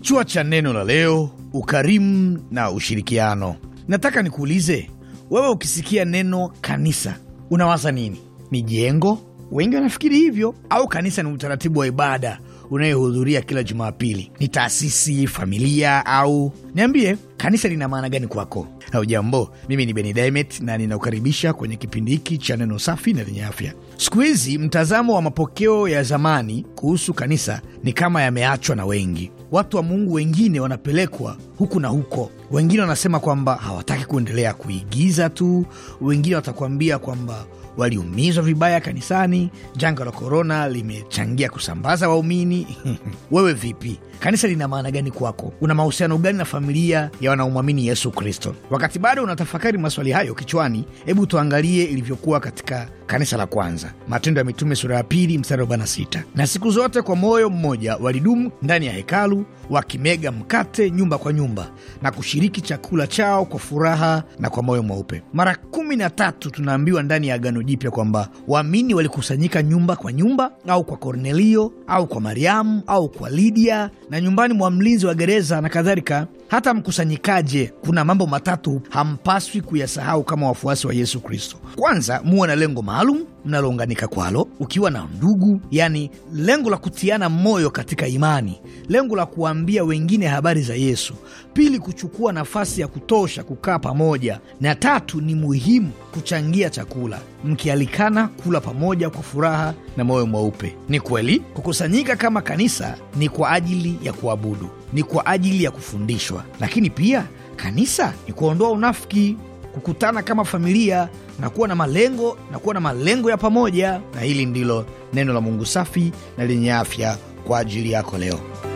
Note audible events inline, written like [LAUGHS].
Kichwa cha neno la leo: ukarimu na ushirikiano. Nataka nikuulize wewe, ukisikia neno kanisa unawaza nini? Ni jengo? Wengi wanafikiri hivyo. Au kanisa ni utaratibu wa ibada unayehudhuria kila Jumapili? Ni taasisi, familia au? Niambie, kanisa lina maana gani kwako? jambo mimi ni Beni Dimet na ninakukaribisha kwenye kipindi hiki cha neno safi na lenye afya. Siku hizi mtazamo wa mapokeo ya zamani kuhusu kanisa ni kama yameachwa na wengi. Watu wa Mungu wengine wanapelekwa huku na huko, wengine wanasema kwamba hawataki kuendelea kuigiza tu, wengine watakuambia kwamba waliumizwa vibaya kanisani, janga la korona limechangia kusambaza waumini. [LAUGHS] Wewe vipi? Kanisa lina maana gani kwako? Una mahusiano gani na familia ya ya wanaomwamini Yesu Kristo. Wakati bado unatafakari maswali hayo kichwani, hebu tuangalie ilivyokuwa katika kanisa la kwanza, Matendo ya Mitume sura ya pili mstari wa arobaini na sita. Na siku zote kwa moyo mmoja walidumu ndani ya hekalu, wakimega mkate nyumba kwa nyumba na kushiriki chakula chao kwa furaha na kwa moyo mweupe. Mara kumi na tatu tunaambiwa ndani ya Agano Jipya kwamba waamini walikusanyika nyumba kwa nyumba, au kwa Kornelio au kwa Mariamu au kwa Lidia na nyumbani mwa mlinzi wa gereza na kadhalika. Hata mkusanyikaje, kuna mambo matatu hampaswi kuyasahau kama wafuasi wa Yesu Kristo. Kwanza, muwe na lengo maalum maalum mnalounganika kwalo ukiwa na ndugu, yani lengo la kutiana moyo katika imani, lengo la kuambia wengine habari za Yesu. Pili, kuchukua nafasi ya kutosha kukaa pamoja, na tatu ni muhimu kuchangia chakula, mkialikana kula pamoja kwa furaha na moyo mweupe. Ni kweli kukusanyika kama kanisa ni kwa ajili ya kuabudu, ni kwa ajili ya kufundishwa, lakini pia kanisa ni kuondoa unafiki, kukutana kama familia na kuwa na malengo na kuwa na malengo ya pamoja. Na hili ndilo neno la Mungu safi na lenye afya kwa ajili yako leo.